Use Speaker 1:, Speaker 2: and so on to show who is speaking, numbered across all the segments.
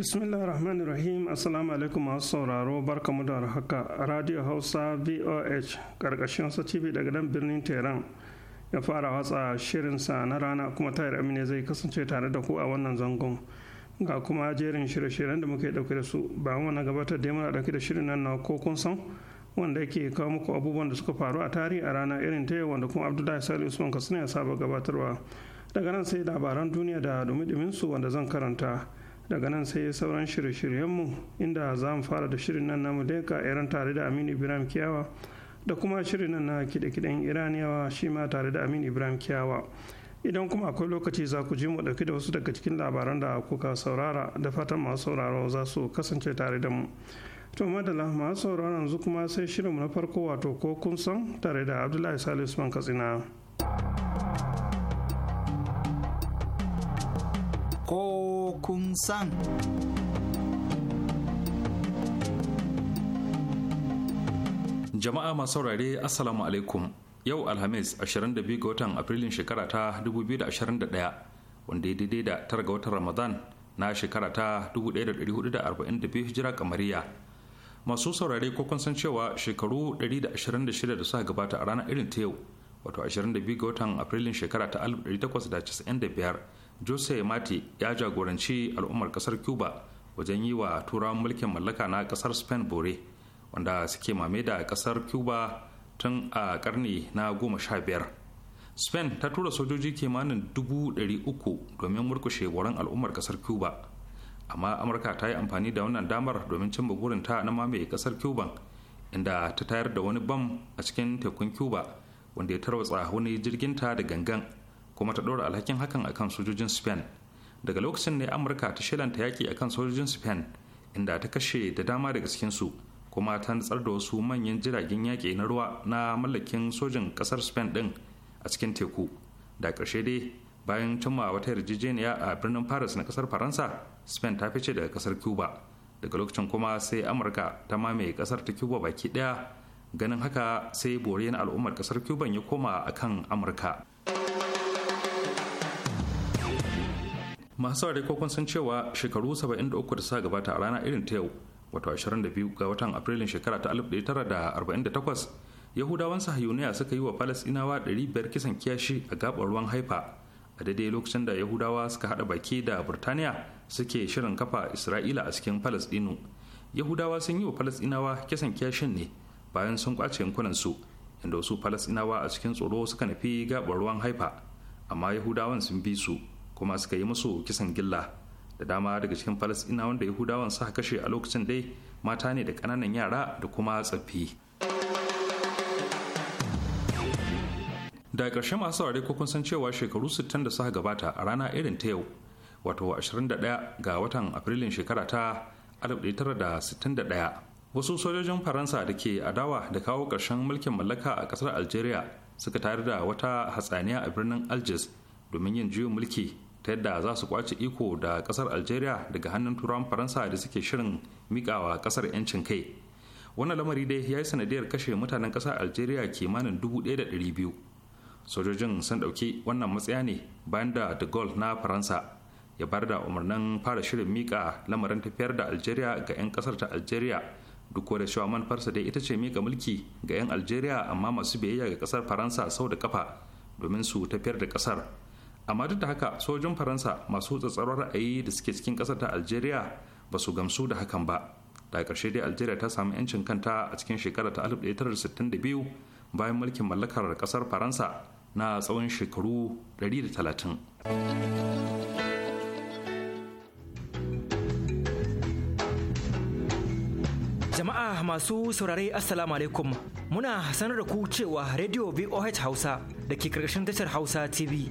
Speaker 1: bismillah rahman rahim assalamu alaikum masu sauraro barkamu da haka radio hausa voh karkashin tv daga dan birnin tehran ya fara watsa shirinsa na rana kuma tayar amine zai kasance tare da ku a wannan zangon ga kuma jerin shirye-shiryen da muke dauke da su ba na gabatar da muna dauke da shirin nan na ko kun san wanda yake kawo muku abubuwan da suka faru a tarihi a rana irin ta wanda kuma abdullahi sali usman katsina ya saba gabatarwa daga nan sai labaran duniya da dumi su wanda zan karanta daga nan sai sauran shirye-shiryenmu inda za mu fara da shirin nan na mudeka iran tare da aminu ibrahim kiyawa da kuma shirin nan na kide-kiden iraniyawa shi ma tare da amin ibrahim kiyawa idan kuma akwai lokaci za ku ji mu dauki da wasu daga cikin labaran da kuka saurara da fatan masu sauraro za su kasance tare da mu to madala masu sauraro yanzu kuma sai shirinmu na farko wato ko kun san tare da abdullahi salisu man katsina
Speaker 2: kun
Speaker 3: jama'a masu saurare assalamu alaikum yau alhamis 22 ga watan afrilun shekara ta 2021 wanda ya daidai da tara ga watan ramadan na shekara ta 1442 hijira kamariya masu saurare ko kun san cewa shekaru 126 da suka gabata a ranar irin ta yau wato 22 ga watan afrilun shekara ta 1895 jose mati ya jagoranci al'ummar kasar cuba wajen yi wa turawan mulkin mallaka na kasar spain bore wanda suke mame da kasar cuba tun a karni na goma sha biyar spain ta tura sojoji kimanin dubu ɗari uku domin murkushe wurin al'ummar kasar cuba amma amurka ta yi amfani da wannan damar domin cimma burinta na mame kasar cuban inda ta tayar da wani bam a cikin tekun cuba wanda ya tarwatsa wani jirgin ta da gangan kuma ta ɗora alhakin hakan akan sojojin spain daga lokacin ne amurka ta shelanta yaki akan sojojin spain inda ta kashe da dama daga cikinsu kuma ta nutsar da wasu manyan jiragen yaki na ruwa na mallakin sojin ƙasar spain din a cikin teku da ƙarshe dai bayan cimma wata yarjejeniya a birnin paris na kasar faransa spain ta fice daga ƙasar cuba daga lokacin kuma sai amurka ta mamaye kasar ta cuba baki ɗaya ganin haka sai bore al'ummar ƙasar cuban ya koma akan amurka masu saurare ko kun san cewa shekaru 73 da suka gabata a rana irin ta yau wato 22 ga watan afrilun shekara ta 1948 yahudawan sahayuniya suka yi wa falasinawa 500 kisan kiyashi a gabar ruwan haifa a daidai lokacin da yahudawa suka hada baki da burtaniya suke shirin kafa isra'ila a cikin falasɗinu yahudawa sun yi wa falasinawa kisan kiyashin ne bayan sun kwace yankunan su inda wasu falasinawa a cikin tsoro suka nufi gabar ruwan haifa amma yahudawan sun bi su kuma suka yi musu kisan gilla da dama daga cikin falasɗina wanda yahudawan suka kashe a lokacin dai mata ne da ƙananan yara da kuma tsaffi da ƙarshe masu saurare ko kun san cewa shekaru 60 da suka gabata a rana irin ta yau wato 21 ga watan afrilun shekara ta 1961 wasu sojojin faransa da ke adawa da kawo ƙarshen mulkin mallaka a ƙasar algeria suka tayar da wata hatsaniya a birnin algiers domin yin juyin mulki ta yadda za su kwace iko da kasar algeria daga hannun turawan faransa da suke shirin mikawa kasar 'yancin kai wannan lamari dai ya yi sanadiyar kashe mutanen kasar algeria kimanin dubu da biyu sojojin sun ɗauki wannan matsaya ne bayan da de gaulle na faransa ya bar da umarnin fara shirin mika lamarin tafiyar da algeria ga 'yan kasar ta algeria duk da cewa manufarsa dai ita ce mika mulki ga 'yan algeria amma masu biyayya ga kasar faransa sau da kafa domin su tafiyar da kasar amma duk da haka sojin faransa masu tsatsarwar ra'ayi da suke cikin kasar ta algeria ba su gamsu da hakan ba daga karshe dai algeria ta samu 'yancin kanta a cikin shekara ta 1962 bayan mulkin mallakar kasar faransa na tsawon shekaru 130
Speaker 4: Jama'a masu saurare Assalamu alaikum muna sanar da ku cewa Radio VOH Hausa da ke karkashin tashar Hausa TV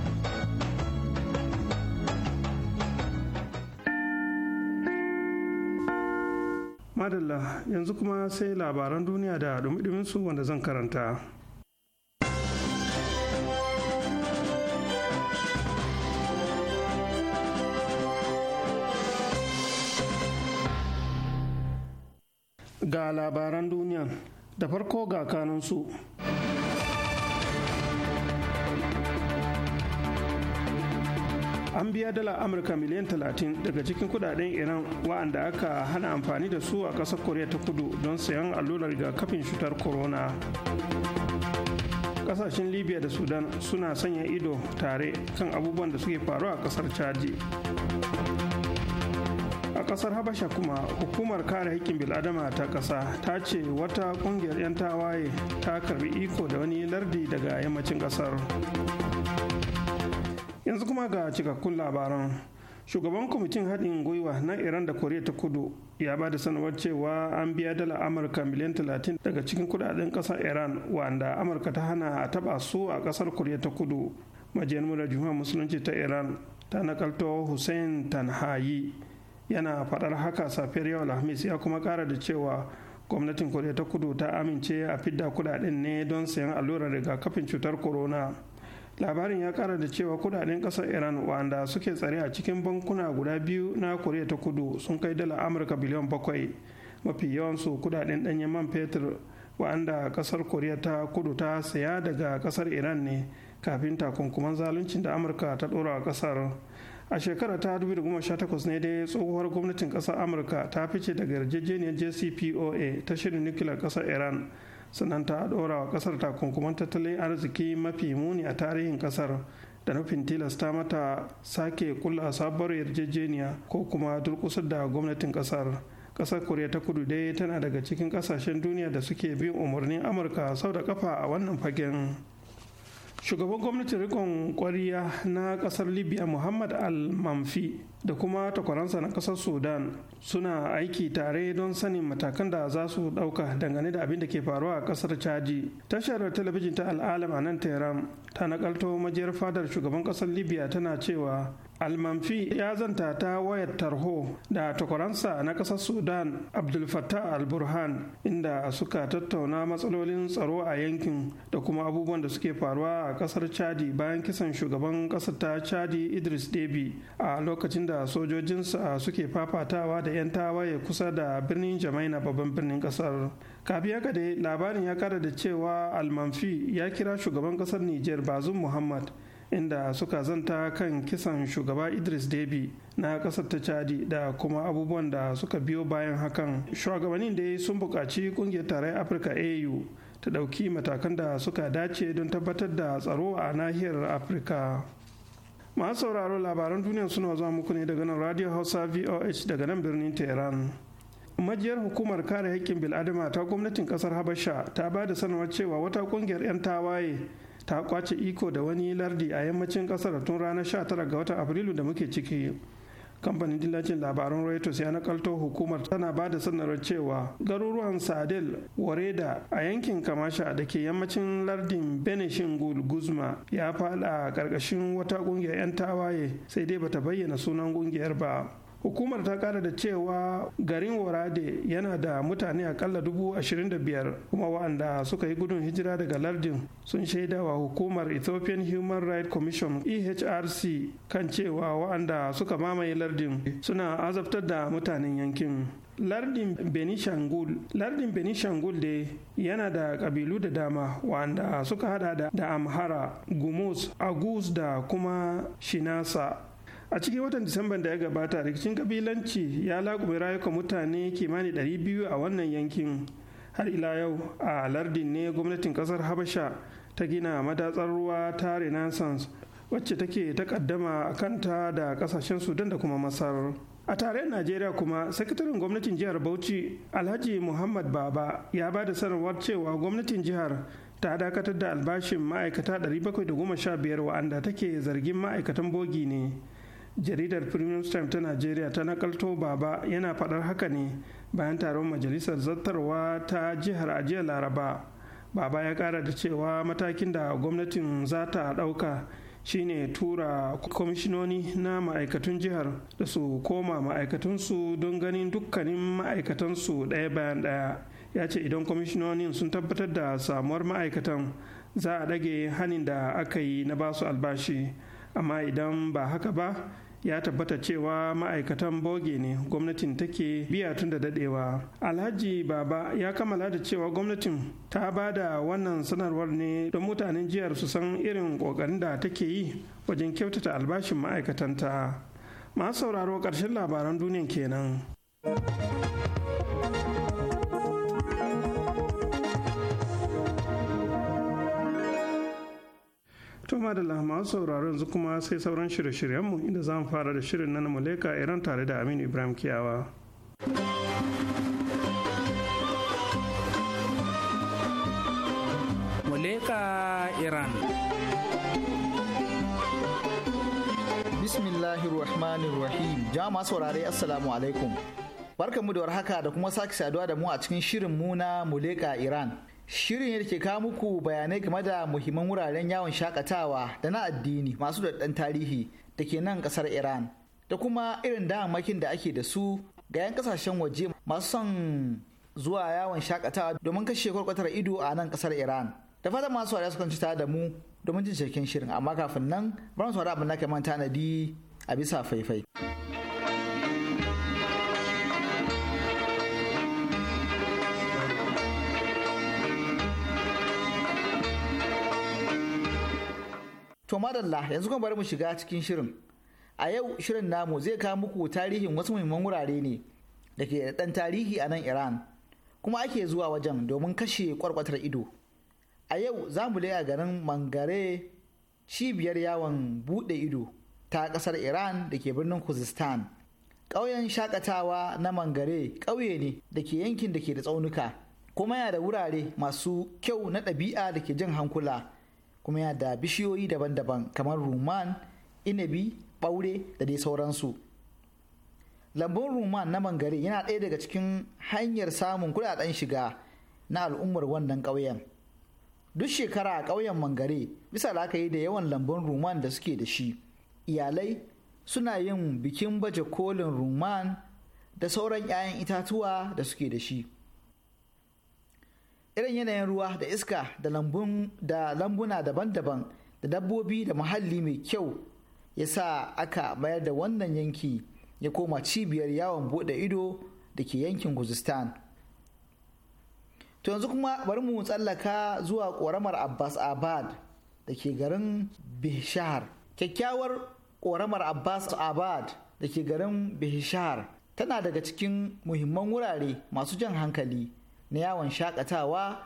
Speaker 4: madalla yanzu
Speaker 1: kuma sai labaran duniya da dumi su wanda zan karanta ga labaran duniya da farko ga kanansu. an biya dala amurka miliyan 30 daga cikin kudaden iran wa'anda aka hana amfani da su a ƙasar koriya ta kudu don sayan allurar rigakafin cutar corona kasashen libya da sudan suna sanya ido tare kan abubuwan da suke faruwa a ƙasar chadi a kasar habasha kuma hukumar kare haƙƙin bil'adama ta ƙasa ta ce wata ƙungiyar 'yan tawaye ta karbi iko da wani lardi daga yammacin ƙasar yanzu kuma ga cikakkun labaran shugaban kwamitin haɗin gwiwa na iran da koriya ta kudu ya ba da sanarwar cewa an biya dala amurka miliyan 30 daga cikin kudaden ƙasar iran wanda amurka ta hana a taɓa su a ƙasar koriya ta kudu majiyar mura juma'a musulunci ta iran ta nakalto hussein tanhayi yana faɗar haka safiyar yau alhamis ya kuma ƙara da cewa gwamnatin koriya ta kudu ta amince a fidda kudaden ne don sayan allurar rigakafin cutar corona labarin ya kara da cewa kudaden kasar iran wanda suke tsare a cikin bankuna guda biyu na koriya ta kudu sun kai dala amurka biliyan bakwai mafi yawansu kudaden danyen man fetur wa'anda kasar koriya ta kudu ta saya daga kasar iran ne kafin takunkuman zaluncin da amurka ta dora a kasar a shekara ta 2018 ne dai tsohuwar gwamnatin kasar amurka ta fice daga yarjejeniyar jcpoa ta shirin nukiliyar kasar iran sannan ta dora wa ƙasar takunkuman tattalin arziki mafi muni a tarihin ƙasar da nufin tilasta mata sake kula sabuwar yarjejeniya ko kuma durkusar da gwamnatin ƙasar ƙasar koriya ta kudu dai tana daga cikin ƙasashen duniya da suke bin umarnin amurka sau da kafa a wannan fagen shugaban gwamnatin rikon kwariya na kasar libya muhammad al-mamfi da kuma takwaransa na kasar sudan suna aiki tare don sanin matakan da za su dauka dangane da abin da ke faruwa a kasar chadi tashar talabijin ta al'alam a nan tehran ta nakalto majiyar fadar shugaban kasar libya tana cewa almanfi ya zanta ta wayar tarho da takwaransa na ƙasar sudan abdul fattah al-burhan inda suka tattauna matsalolin tsaro a yankin da kuma abubuwan da suke faruwa a ƙasar chadi bayan kisan shugaban ƙasar ta chadi idris debi a lokacin da sojojinsa suke fafatawa da 'yan tawaye kusa da birnin jamaina babban birnin ƙasar kafin haka dai labarin ya kara da cewa almanfi ya kira shugaban ƙasar niger bazum muhammad inda suka zanta kan kisan shugaba idris debi na kasar ta chadi da kuma abubuwan da suka biyo bayan hakan shugabannin dai sun buƙaci ƙungiyar tarayyar afirka au ta ɗauki matakan da suka dace don tabbatar da tsaro a nahiyar afirka masu sauraro labaran duniya suna zuwa muku ne daga nan radio hausa voh daga nan birnin tehran majiyar hukumar kare haƙƙin bil'adama ta gwamnatin ƙasar habasha ta ba da sanarwar cewa wata ƙungiyar 'yan tawaye ta kwace iko da wani lardi a yammacin kasar tun ranar 19 ga watan afrilu da muke ciki kamfanin dillacin labarun reuters ya nakalto hukumar tana ba da sanarwar cewa garuruwan sadel wareda a yankin kamasha da ke yammacin lardin Shingul guzma ya fada a ƙarƙashin wata ƙungiyar 'yan tawaye sai dai bata bayyana sunan ƙungiyar ba hukumar ta kara da cewa garin warade yana da mutane akalla dubu ashirin da biyar kuma wa'anda suka yi gudun hijira daga lardin sun shaida wa hukumar ethiopian human rights commission ehrc kan cewa wa'anda suka mamaye lardin suna azabtar da mutanen yankin lardin benishangul lardin benishangul da yana da kabilu da dama wanda suka hada da, da amhara gumus agus da kuma shinasa a cikin watan disamban da ya gabata rikicin kabilanci ya laƙume rayukan mutane kimanin biyu a wannan yankin har ila yau a lardin ne gwamnatin kasar habasha ta gina madatsar ruwa ta renaissance wacce take takaddama a kanta da kasashen sudan da kuma masar a tarayyar najeriya kuma sakataren gwamnatin jihar bauchi alhaji muhammad baba ya ba da sanarwar cewa gwamnatin jihar ta dakatar da albashin ma'aikata 715 wa'anda take zargin ma'aikatan bogi ne jaridar premium time ta najeriya ta nakalto baba yana faɗar haka ne bayan taron majalisar zartarwa ta jihar ajiyar laraba baba ya ƙara da cewa matakin da gwamnatin za ta ɗauka shine tura kwamishinoni na ma'aikatun jihar da su koma ma'aikatunsu don ganin dukkanin ma'aikatansu ɗaya bayan ɗaya ya ce idan kwamishinonin sun tabbatar da samuwar ma'aikatan za a ɗage hanin da aka yi na basu albashi amma idan ba haka ba ya tabbata cewa ma'aikatan boge ne gwamnatin take biya tun da dadewa alhaji baba ya kammala da cewa gwamnatin ta ba da wannan sanarwar ne don mutanen jihar su san irin kokarin da take yi wajen kyautata albashin ma'aikatanta masu sauraro ƙarshen labaran duniya kenan To da masu sauraro yanzu kuma sai sauran shirye-shiryenmu inda za mu fara da shirin nan Muleka Iran tare da Aminu Ibrahim Kiyawa.
Speaker 2: Muleka Iran. Bismillahirrahmanirrahim. Jama'a saurare Assalamu alaikum. Barkanmu da warhaka da kuma sake saduwa da mu a cikin shirin Muna na Muleka Iran. Shirin yadda ke kawo muku bayanai game da muhimman wuraren yawon shakatawa da na addini masu ɗan tarihi da ke nan ƙasar Iran da kuma irin damammakin da ake da su ga 'yan kasashen waje masu son zuwa yawon shakatawa domin kashe kwarkwatar ido a nan ƙasar Iran. Da fata masu wariya sukan cita da mu domin jin shirin amma kafin nan bar mu saurari abin na ke manta na a bisa faifai. To madalla yanzu kuma bari mu shiga cikin shirin. A yau shirin namu zai kawo muku tarihin wasu muhimman wurare ne da ke da ɗan tarihi a nan Iran. Kuma ake zuwa wajen domin kashe kwarkwatar ido. A yau za mu a garin Mangare cibiyar yawon buɗe ido ta ƙasar Iran da ke birnin Kuzistan. Ƙauyen shakatawa na Mangare ƙauye ne da ke yankin da ke da tsaunuka. Kuma yana da wurare masu kyau na ɗabi'a da ke jin hankula. kuma yana da bishiyoyi daban-daban kamar ruman inabi ɓaure da dai sauransu lambun ruman na mangare yana ɗaya daga cikin hanyar samun kudaden shiga na al'ummar wannan ƙauyen duk shekara a ƙauyen mangare bisa la'akari da yawan lambun ruman da suke da shi iyalai suna yin bikin baje kolin ruman da sauran 'ya'yan itatuwa da suke da shi irin yanayin ruwa da iska da lambuna daban-daban da dabbobi da muhalli mai kyau ya sa aka mayar da wannan yanki ya koma cibiyar yawon bude ido da ke yankin guzistan to yanzu kuma bari mu tsallaka zuwa ƙoramar abbas abad da ke garin bishar kyakkyawar ƙoramar abbas abad da ke garin bishar tana daga cikin muhimman wurare masu jan hankali na yawon shakatawa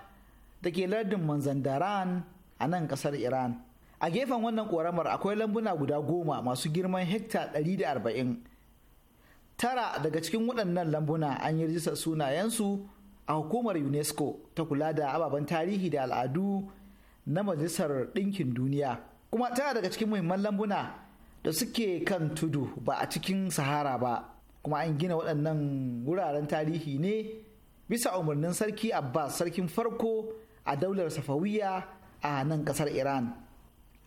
Speaker 2: da ke lardin manzandaran a nan kasar iran a gefen wannan koramar akwai lambuna guda goma masu girman hekta 140 tara daga cikin waɗannan lambuna an yi rijistar sunayensu a hukumar unesco ta kula da ababen tarihi da al'adu na majalisar ɗinkin duniya kuma tara daga cikin muhimman lambuna da suke kan tudu ba a cikin sahara ba kuma an gina waɗannan wuraren tarihi ne bisa umarnin sarki abbas sarkin farko a daular safawiya a nan kasar iran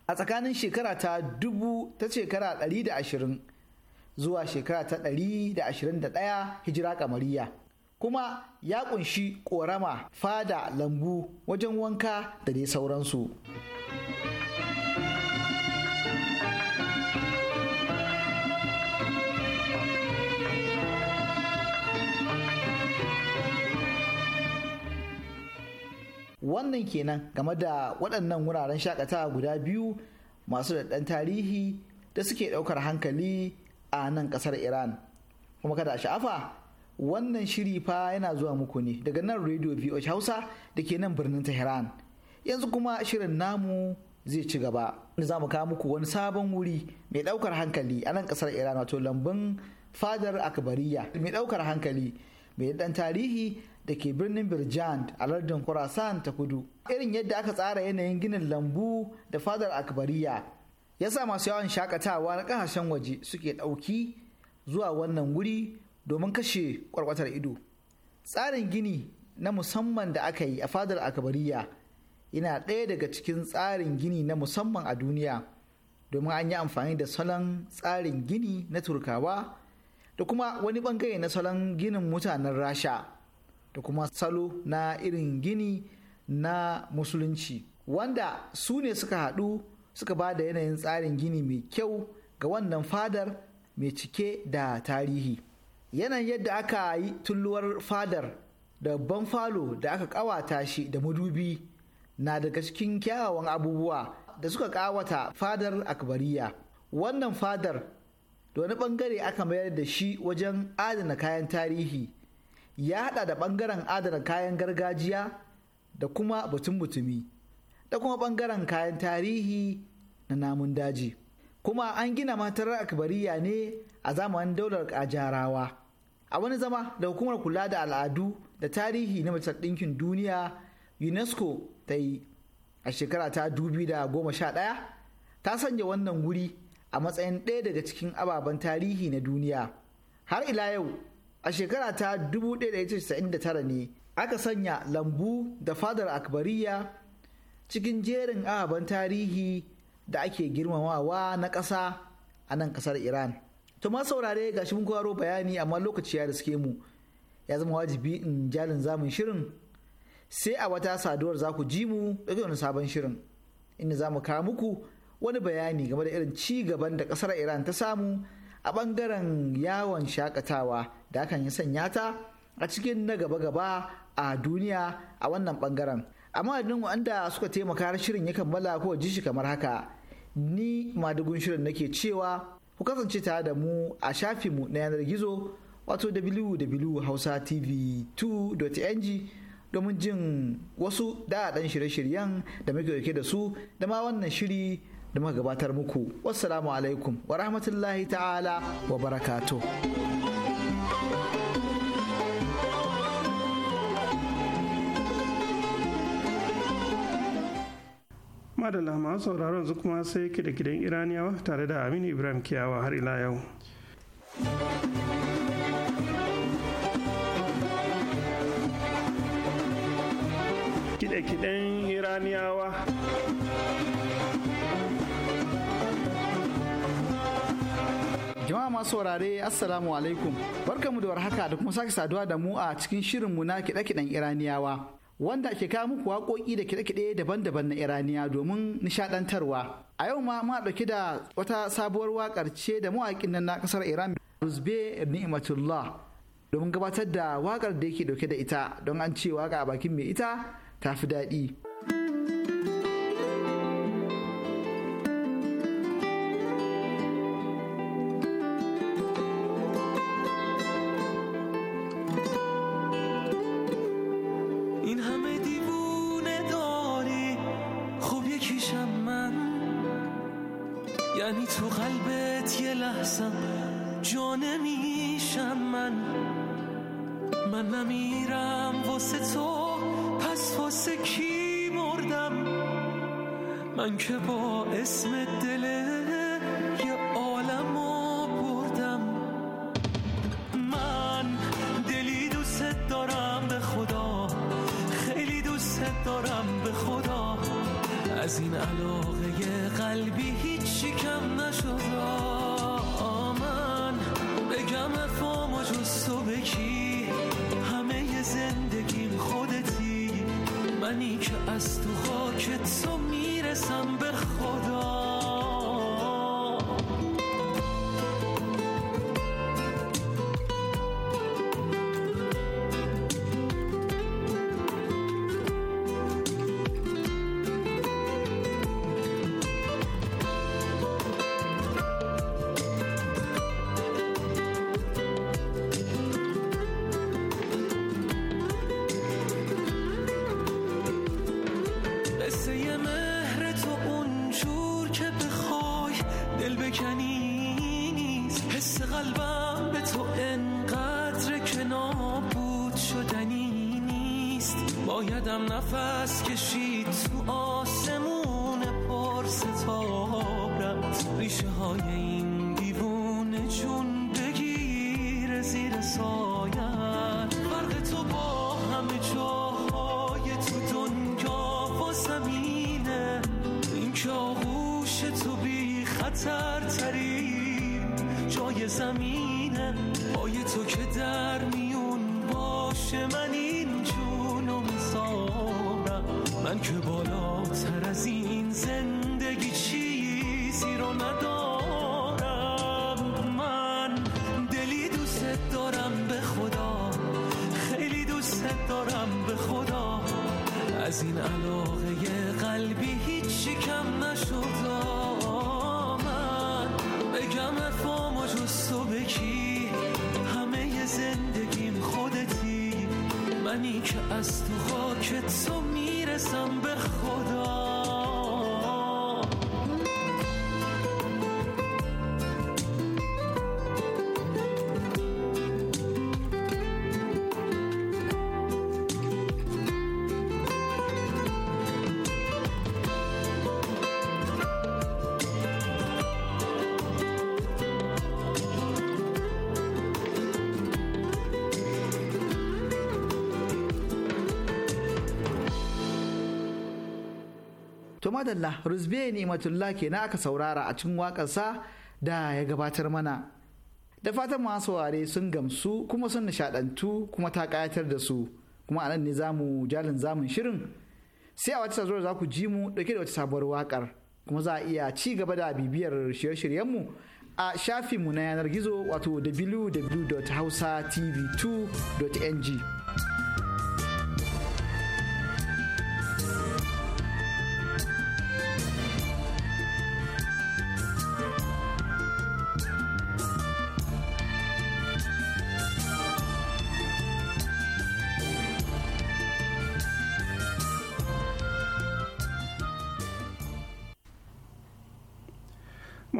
Speaker 2: a tsakanin shekara ta dubu ta shekara 120 zuwa shekara ta 121 hijira kamariya kuma ya kunshi korama fada lambu wajen wanka da dai sauransu. wannan kenan game da waɗannan wuraren shakatawa guda biyu masu daɗan tarihi da suke ɗaukar hankali a nan ƙasar iran kuma kada sha'afa wannan shiri fa yana zuwa muku ne daga nan radio voh hausa da ke nan birnin tehran yanzu kuma shirin namu zai ci gaba za mu kawo muku wani sabon wuri mai ɗaukar hankali a nan ƙasar iran wato lambun fadar akbariya mai ɗaukar hankali mai ɗan tarihi da ke birnin Birjan a lardin Khorasan ta kudu. Irin yadda aka tsara yanayin ginin lambu da fadar akbariya ya sa masu yawan shakatawa na kasashen waje suke ɗauki zuwa wannan wuri domin kashe kwarkwatar ido. Tsarin gini na musamman da aka yi a fadar akbariya yana ɗaya daga cikin tsarin gini na musamman a duniya domin an yi amfani da salon tsarin gini na turkawa da kuma wani bangare na salon ginin mutanen rasha. da kuma salo na irin gini na musulunci wanda su ne suka haɗu suka ba da yanayin tsarin gini mai kyau ga wannan fadar mai cike da tarihi yanayin yadda aka yi tulluwar fadar da babban falo da aka ƙawata shi da madubi na daga cikin kyawawan abubuwa da suka ƙawata fadar akbariya wannan fadar da wani ɓangare aka mayar da shi wajen adana kayan tarihi ya hada da bangaren adana kayan gargajiya da kuma batun mutumi da kuma bangaren kayan tarihi na namun daji kuma an gina matar akbariya ne a zamanin daular kajarawa a wani zama da hukumar kula da al'adu da tarihi na majalisar ɗinkin duniya unesco ta yi a shekara ta ɗaya ta sanya wannan wuri a matsayin ɗaya daga cikin ababen tarihi na duniya har ila yau a shekara ta 1999 ne aka sanya lambu da fadar akbariya cikin jerin ababen tarihi da ake girmamawa na ƙasa a nan ƙasar iran to ma saurare ga shi mun kwaro bayani amma lokaci ya riske mu ya zama wajibi in jalin zamun shirin sai a wata saduwar za ku ji mu daga wani sabon shirin inda za mu kawo muku wani bayani game da irin ci gaban da ƙasar iran ta samu a ɓangaren yawon shakatawa da hakan yi sanya ta a cikin na gaba-gaba a duniya a wannan ɓangaren. Amma adinin wanda suka taimaka har shirin ya kammala ko ji shi kamar haka. Ni madugun shirin nake cewa ku kasance tare da mu a mu na yanar gizo wato www.hausatv2.ng domin jin wasu da shirye-shiryen da muke da su da ma wannan shiri da muka gabatar muku wassalamu alaikum wa rahmatullahi ta'ala wa barakato.
Speaker 1: madalla masu sauraron su kuma sai kidakidan iraniyawa tare da aminu ibrahim kiyawa har ila yau kiɗe-kiɗen iraniyawa
Speaker 2: Jama'a masu saurare Assalamu alaikum. Barkamu da warhaka da kuma sake saduwa da mu a cikin shirin mu na kiɗe-kiɗen Iraniyawa. Wanda ke kawo muku waƙoƙi da kiɗe-kiɗe daban-daban na Iraniya domin nishaɗantarwa. A yau ma muna ɗauki da wata sabuwar waƙar ce da mawaƙin nan na ƙasar Iran Ruzbe Ni'matullah domin gabatar da waƙar da yake ɗauke da ita don an ce waƙa a bakin mai ita ta fi daɗi.
Speaker 5: من که با اسم دل یه عالم بردم من دلی دوست دارم به خدا خیلی دوست دارم به خدا از این علاقه قلبی هیچی کم نشد من بگم افام و جست و بکی همه زندگیم خودتی منی که از تو خاکت تو می برسم به خدا نفس کشید تو آسمون پر ستارم ریشه های این علاقه قلبی هیچی کم نشد من بگم افام و بکی همه زندگیم خودتی منی که از تو خاکت تو میرسم به خدا
Speaker 2: to madalla rusbe ni'matullah na aka saurara a cikin waƙarsa da ya gabatar mana da fatan masu saurare sun gamsu kuma sun nishadantu kuma ta kayatar da su kuma anan ne zamu jalin zamun shirin sai a wata sazuwar za ku ji mu dauke da wata sabuwar waƙar kuma za a iya ci gaba da bibiyar shirye-shiryenmu a mu na yanar gizo wato www.hausatv2.ng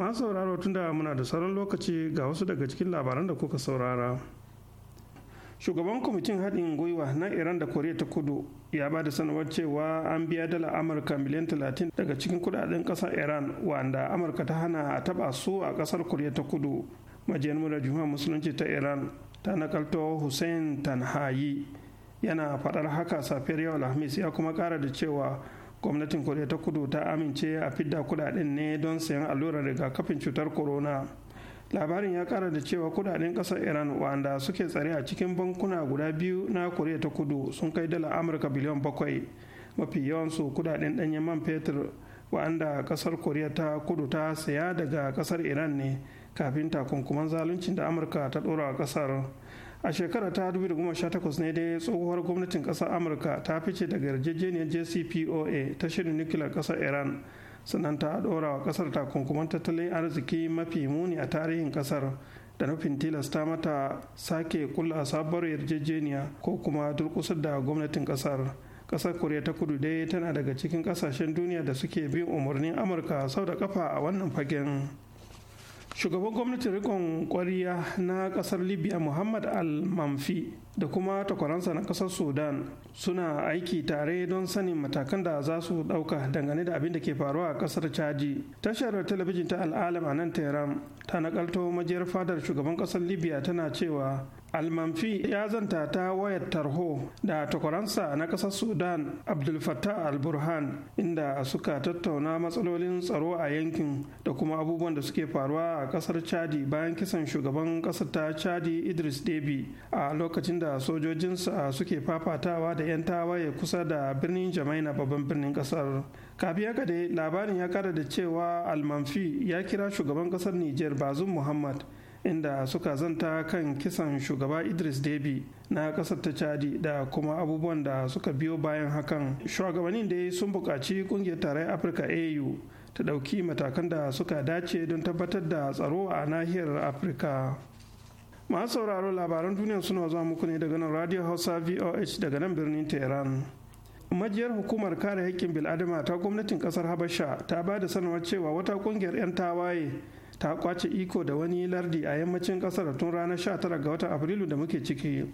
Speaker 1: masu sauraro tunda muna da sauran lokaci ga wasu daga cikin labaran da kuka saurara shugaban kwamitin haɗin gwiwa na iran da koriya ta kudu ya ba da sanarwar cewa an biya dala amurka miliyan 30 daga cikin kudaden ƙasar iran wanda amurka ta hana a taɓa su a kasar koriya ta kudu majiyar mura juma'a musulunci ta iran ta nakalto hussein tanhayi yana faɗar haka safiyar yau alhamis ya kuma kara da cewa gwamnatin koriya ta kudu ta amince a fidda kudaden ne don sayan allurar rigakafin cutar corona labarin ya kara da cewa kudaden kasar iran wanda suke tsare a cikin bankuna guda biyu na koriya ta kudu sun kai dala amurka biliyan bakwai mafi yawansu kudaden danyen man fetur wa'anda kasar koriya ta kudu ta saya daga kasar iran ne kafin takunkuman zaluncin da amurka ta dora a kasar a shekarar ta 2018 ne dai tsohuwar gwamnatin ƙasar amurka ta fice daga yarjejeniyar jcpoa ta shirin nukiliyar ƙasar iran sannan ta dora wa kasar takunkuman tattalin arziki mafi muni a tarihin ƙasar da nufin tilasta mata sake kulla sabuwar yarjejeniya ko kuma durƙusar da gwamnatin ƙasar ƙasar koriya ta kudu dai tana daga cikin ƙasashen duniya da suke bin umarnin amurka sau da kafa a wannan fagen shugaban gwamnatin rikon kwariya na kasar libya muhammad al-mamfi da kuma takwaransa na kasar sudan suna aiki tare don sanin matakan da za su dauka dangane da abin da ke faruwa a kasar caji tashar talabijin ta al'alam a nan tehran ta nakalto majiyar fadar shugaban kasar libya tana cewa almanfi ya zanta ta wayar tarho da takwaransa na ƙasar sudan abdulfattah al-burhan inda suka tattauna matsalolin tsaro a yankin da kuma abubuwan da suke faruwa a ƙasar chadi bayan kisan shugaban ƙasar ta chadi idris debi a lokacin da sojojinsa suke fafatawa da 'yan tawaye kusa da birnin jamaina babban birnin ƙasar kafin haka dai labarin ya kara da cewa almanfi ya kira shugaban ƙasar niger bazum muhammad inda suka zanta kan kisan shugaba idris debi na kasar ta chadi da kuma abubuwan da suka biyo bayan hakan shugabannin dai sun buƙaci ƙungiyar tarayyar afirka au ta ɗauki matakan da suka dace don tabbatar da tsaro a nahiyar afirka masu sauraro labaran duniya suna zuwa muku ne daga nan radio hausa voh daga nan birnin tehran majiyar hukumar kare haƙƙin bil'adama ta gwamnatin ƙasar habasha ta ba da sanarwar cewa wata ƙungiyar 'yan tawaye ta kwace iko da wani lardi a yammacin kasar tun ranar 19 ga watan afrilu da muke ciki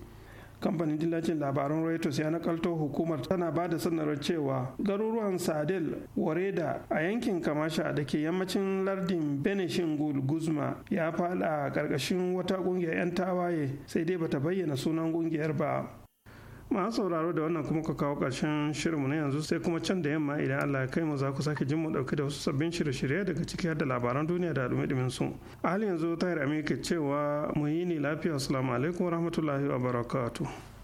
Speaker 1: kamfanin dillacin labaran reuters ya nakalto hukumar tana ba da sanarwar cewa garuruwan sadel wareda a yankin kamasha da ke yammacin lardin benishin guzma ya fada a ƙarƙashin wata ƙungiyar 'yan tawaye sai dai bata bayyana sunan ƙungiyar ba masu sauraro da wannan kuma ka kawo ƙarshen shirinmu na yanzu sai kuma can da yamma idan Allah ya kai mu za ku sake jin mu dauke da wasu sabbin shirye-shirye daga ciki da labaran duniya da dumi-dumin su a halin yanzu tahir yi ke cewa mu yi ni lafiya assalamu alaikum warahmatullahi wabarakatuh